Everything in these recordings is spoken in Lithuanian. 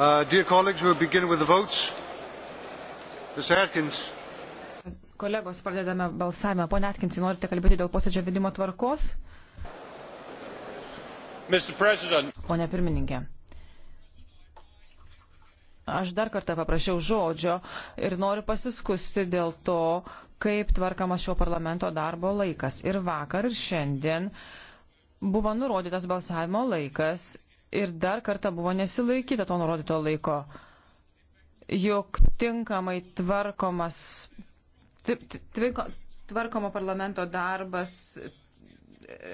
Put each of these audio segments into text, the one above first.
Uh, dear colleagues, we'll begin with the votes. Ms. Atkins. Kolegos, pradedame balsavimą. Pone Atkinsi, norite kalbėti dėl posėdžio vedimo tvarkos? Pone pirmininkė, aš dar kartą paprašiau žodžio ir noriu pasiskusti dėl to, kaip tvarkamas šio parlamento darbo laikas. Ir vakar, ir šiandien buvo nurodytas balsavimo laikas ir dar kartą buvo nesilaikyta to nurodyto laiko. Juk tinkamai tvarkomas, tvarkomo parlamento darbas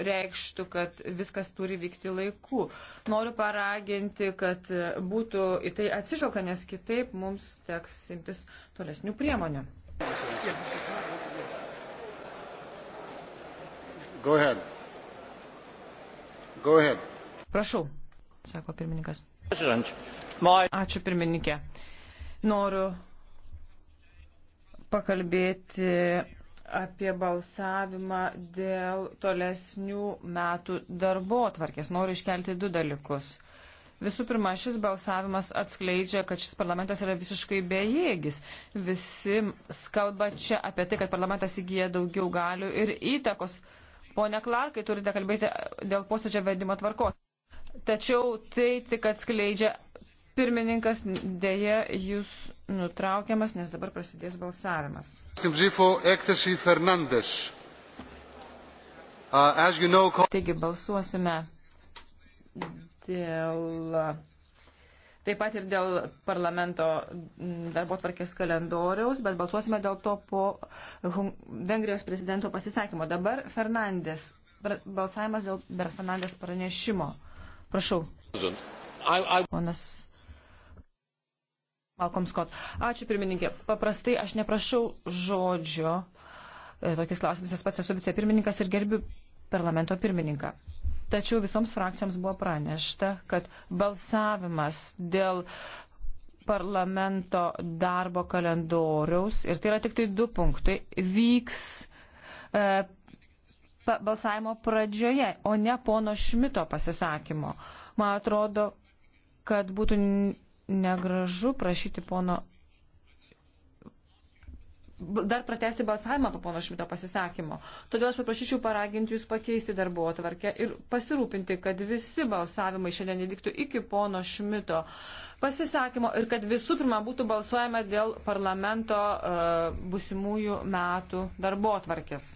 reikštų, kad viskas turi vykti laiku. Noriu paraginti, kad būtų į tai atsižvelgta, nes kitaip mums teks imtis tolesnių priemonių. Go ahead. Go ahead. Prašau sako pirmininkas. Ačiū pirmininkė. Noriu pakalbėti apie balsavimą dėl tolesnių metų darbo atvarkės. Noriu iškelti du dalykus. Visų pirma, šis balsavimas atskleidžia, kad šis parlamentas yra visiškai bejėgis. Visi kalba čia apie tai, kad parlamentas įgyja daugiau galių ir įtakos. Pone Klarkai, turite kalbėti dėl posėdžio vedimo tvarkos. Tačiau tai tik atskleidžia pirmininkas, dėja jūs nutraukiamas, nes dabar prasidės balsavimas. Taigi balsuosime dėl. Taip pat ir dėl parlamento darbo tvarkės kalendoriaus, bet balsuosime dėl to po Vengrijos prezidento pasisakymo. Dabar Fernandės, balsavimas dėl Fernandės pranešimo. Prašau. Ponas Malcolm Scott. Ačiū pirmininkė. Paprastai aš neprašau žodžio. E, Tokius klausimus aš pats esu vicepirmininkas ir gerbiu parlamento pirmininką. Tačiau visoms frakcijoms buvo pranešta, kad balsavimas dėl parlamento darbo kalendoriaus, ir tai yra tik tai du punktai, vyks e, balsavimo pradžioje, o ne pono Šmito pasisakymo. Man atrodo, kad būtų negražu prašyti pono. Dar pratesti balsavimą po pono Šmito pasisakymo. Todėl aš paprašyčiau paraginti jūs pakeisti darbo atvarkę ir pasirūpinti, kad visi balsavimai šiandien įvyktų iki pono Šmito pasisakymo ir kad visų pirma būtų balsuojama dėl parlamento uh, e, busimųjų metų darbo atvarkės.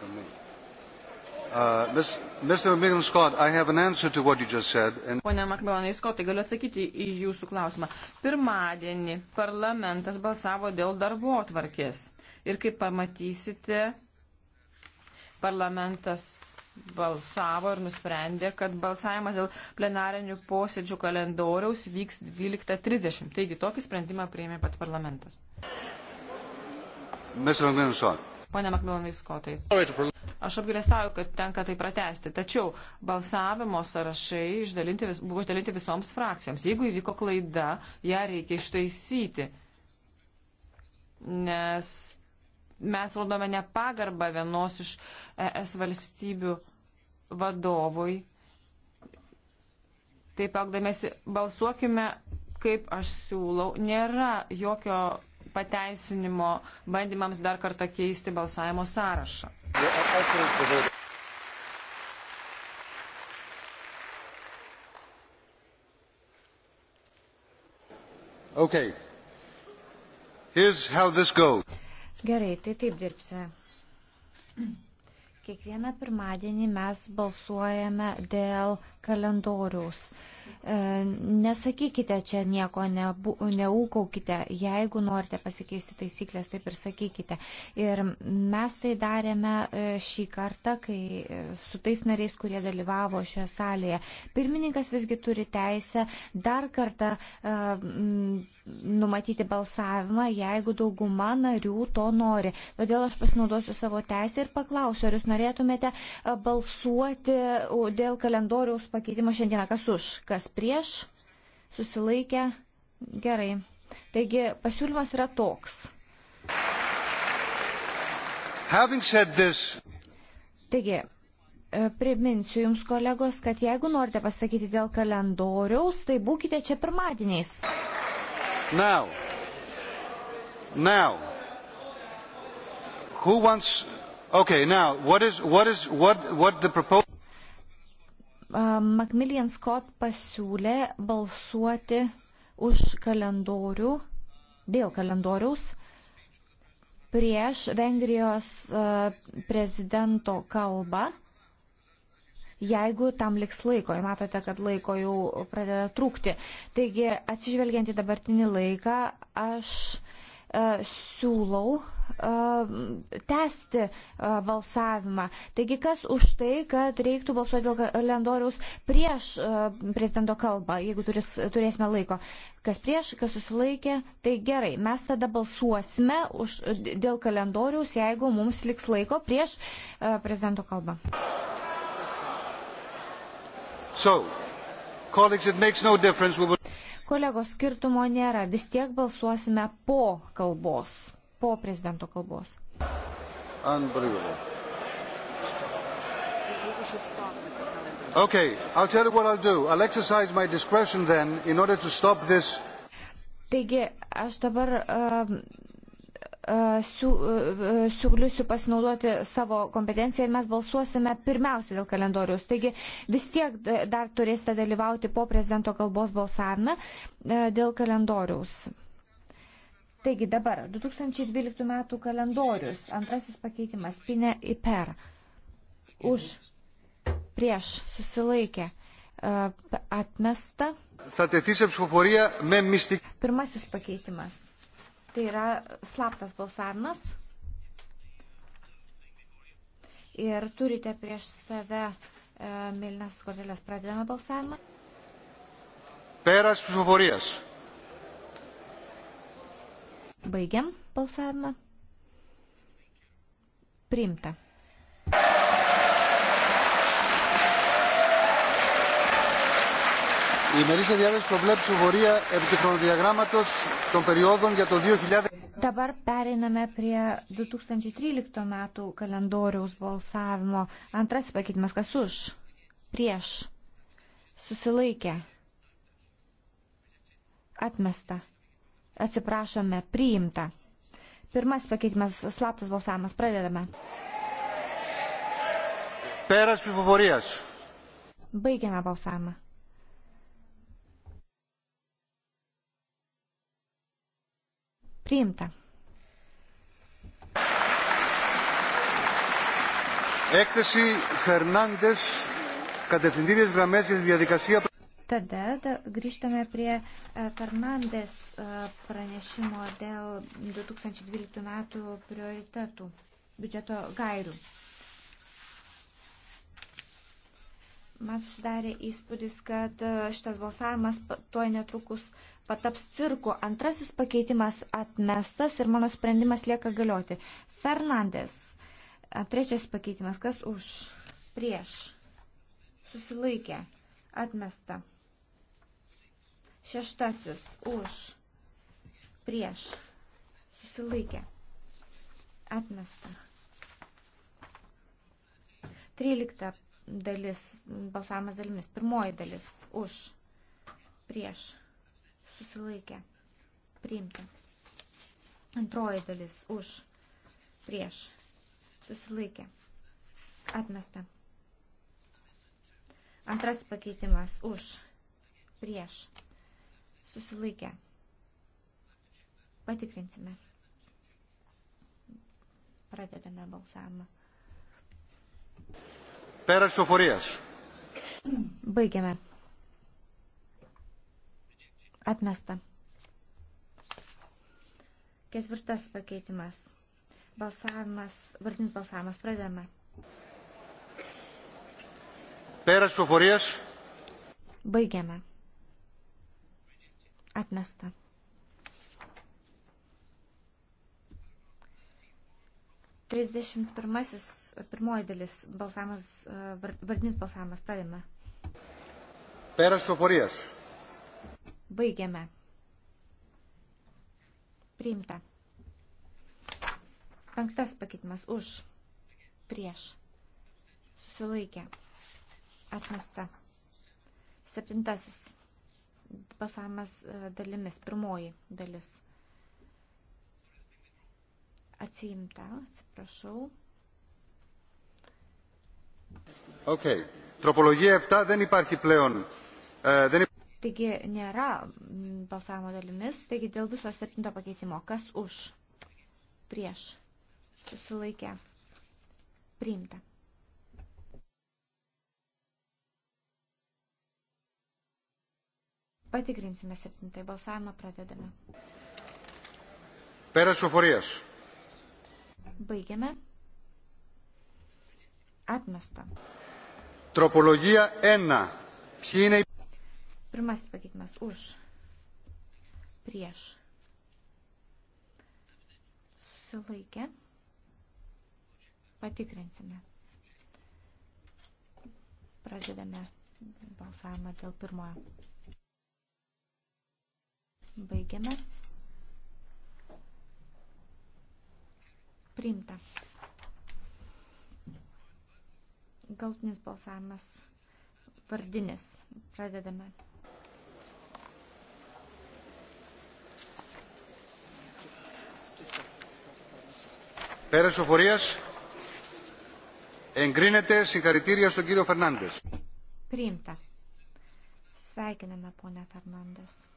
from me. Uh, Ms. Mr. Mignon Scott, I have an answer to what you just said. And... Pone Makmelonai Skotai, galiu atsakyti į jūsų klausimą. Pirmadienį parlamentas balsavo dėl darbo atvarkės. Ir kaip pamatysite, parlamentas balsavo ir nusprendė, kad balsavimas dėl plenarinių posėdžių kalendoriaus vyks 12.30. Taigi tokį sprendimą priėmė pats parlamentas. Mr. Mignon Scott. Pone Makmilonai Skotai. Aš apgailestauju, kad tenka tai pratesti. Tačiau balsavimo sąrašai išdalinti, buvo išdalinti visoms frakcijoms. Jeigu įvyko klaida, ją reikia ištaisyti. Nes mes rodome nepagarbą vienos iš ES valstybių vadovui. Taip elgdamėsi, balsuokime, kaip aš siūlau. Nėra jokio pateisinimo bandymams dar kartą keisti balsavimo sąrašą. Okay. Gerai, tai taip dirbsime. Kiekvieną pirmadienį mes balsuojame dėl kalendoriaus. E, nesakykite čia nieko, nebu, neūkaukite, jeigu norite pasikeisti taisyklės, taip ir sakykite. Ir mes tai darėme e, šį kartą, kai e, su tais nariais, kurie dalyvavo šioje salėje. Pirmininkas visgi turi teisę dar kartą numatyti balsavimą, jeigu dauguma narių to nori. Todėl aš pasinaudosiu savo teisę ir paklausiu, ar jūs norėtumėte balsuoti dėl kalendoriaus pakeitimo šiandieną. Kas už, kas prieš, susilaikė, gerai. Taigi pasiūlymas yra toks. Taigi, e, priminsiu Jums, kolegos, kad jeigu norite pasakyti dėl kalendoriaus, tai būkite čia pirmadieniais. Now. Now. Who wants Okay, now, what is, what is, what, what the proposal Macmillan Scott pasiūlė balsuoti už kalendorių, dėl kalendoriaus, prieš Vengrijos prezidento kalbą, jeigu tam liks laiko. Ir matote, kad laiko jau pradeda trūkti. Taigi, atsižvelgiant į dabartinį laiką, aš siūlau tęsti balsavimą. Taigi kas už tai, kad reiktų balsuoti dėl kalendoriaus prieš prezidento kalbą, jeigu turis, turėsime laiko. Kas prieš, kas susilaikė, tai gerai. Mes tada balsuosime už, dėl kalendoriaus, jeigu mums liks laiko prieš prezidento kalbą. So, colleagues, it makes no difference. We will... Kolegos skirtumo nėra, vis tiek balsuosime po kalbos po prezidento kalbos. Okay, I'll tell you what I'll do. I'll exercise my discretion then in order to stop this. Taigi, aš dabar um, uh, uh, uh siūliusiu pasinaudoti savo kompetenciją ir mes balsuosime pirmiausia dėl kalendorius. Taigi vis tiek dar turėsite dalyvauti po prezidento kalbos balsavime uh, dėl kalendorius. Taigi dabar 2012 metų kalendorius, antrasis pakeitimas, pinė į per, už, prieš, susilaikė, e, atmesta. Pirmasis pakeitimas, tai yra slaptas balsavimas ir turite prieš save e, mėlynas kortelės pradedamą balsavimą. Peras suforijas. Baigiam balsavimą. Priimta. Η ημερήσια διάθεση προβλέπει ψηφοφορία επί του χρονοδιαγράμματος των περιόδων για το 2000. Dabar pereiname prie 2013 metų kalendoriaus balsavimo. Antrasis pakeitimas, kas už, prieš, susilaikė, atmesta. Atsiprašome, priimta. Pirmas pakeitimas, slaptas balsavimas, pradedame. Peras Vivorijas. Baigiame balsavimą. Priimta. Έκθεση Φερνάντες, κατευθυντήριες γραμμές για τη διαδικασία... Tada grįžtame prie e, Fernandės e, pranešimo dėl 2012 metų prioritetų biudžeto gairių. Man susidarė įspūdis, kad e, šitas balsavimas tuoj netrukus pataps cirku. Antrasis pakeitimas atmestas ir mano sprendimas lieka galioti. Fernandės. Trečias pakeitimas. Kas už? Prieš. Susilaikė. Atmesta. Šeštasis už prieš susilaikė atmesta. Trylikta dalis balsavimas dalimis. Pirmoji dalis už prieš susilaikė priimta. Antroji dalis už prieš susilaikė atmesta. Antras pakeitimas už prieš susilaikė. Patikrinsime. Pradedame balsavimą. Peras šoforijas. Baigiame. Atmesta. Ketvirtas pakeitimas. Balsavimas, vardinis balsavimas, pradedame. Peras šoforijas. Baigiame. Atmesta. Trisdešimt pirmasis, pirmoji dalis, balsavimas, e, vardinis balsavimas, pradėme. Peras šoforijas. Baigiame. Priimta. Penktas pakeitimas už. Prieš. Susilaikė. Atmesta. Septintasis balsavimas e, dalimis. Pirmoji dalis. Atsiimta, atsiprašau. Okay. Τροπολογία 7 δεν υπάρχει πλέον. Ε, δεν... Taigi nėra balsavimo dalimis, taigi dėl viso septinto pakeitimo. Kas už? Prieš. Susilaikė. Priimta. Patikrinsime septintai balsavimą, pradedame. Peres euforijas. Baigiame. Atmesta. Tropologija 1. Pšinai. Pirmasis pakeitimas už. Prieš. Susilaikė. Patikrinsime. Pradedame balsavimą dėl pirmojo. Baigiame. Priimta. Galtinis balsavimas vardinis. Pradedame. Πέρας οφορίας, εγκρίνεται συγχαρητήρια στον κύριο Φερνάντες. Priimta. Sveikiname, ponia Fernandes.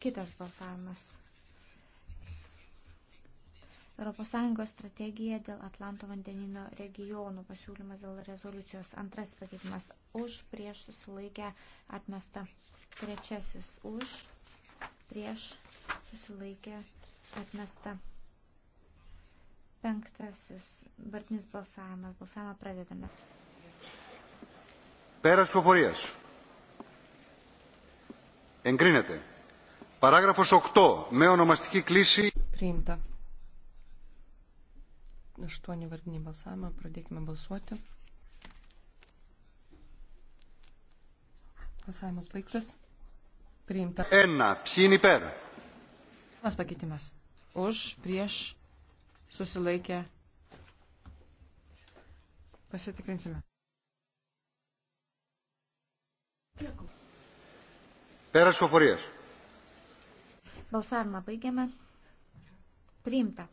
Kitas balsavimas. ES strategija dėl Atlanto vandenino regionų pasiūlymas dėl rezoliucijos. Antras pakeitimas už, prieš susilaikę atmesta. Trečiasis už, prieš susilaikę atmesta. Penktasis vardinis balsavimas. Balsavimą pradedame. Πέρας φοφορίας. Εγκρίνεται. Παράγραφος 8. Με ονομαστική κλίση. Priimta. Aštuoni vardiniai balsavimą. Pradėkime balsuoti. Balsavimas baigtas. Priimta. Ένα. Ποιοι είναι υπέρ. Vienas pakeitimas. Už, prieš, susilaikė. Pasitikrinsime. Πέρας φοφορίας. Balsavimą baigiame. Priimta.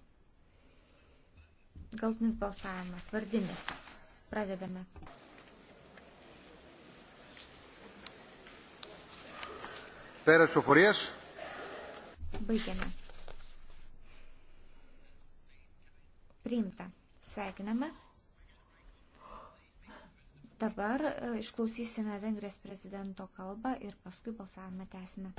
Galtinis balsavimas, vardinis. Pradedame. Pėras Šuforijas. Baigiame. Priimta. Sveikiname. Dabar e, išklausysime Vengrijos prezidento kalbą ir paskui balsavimą tęsime.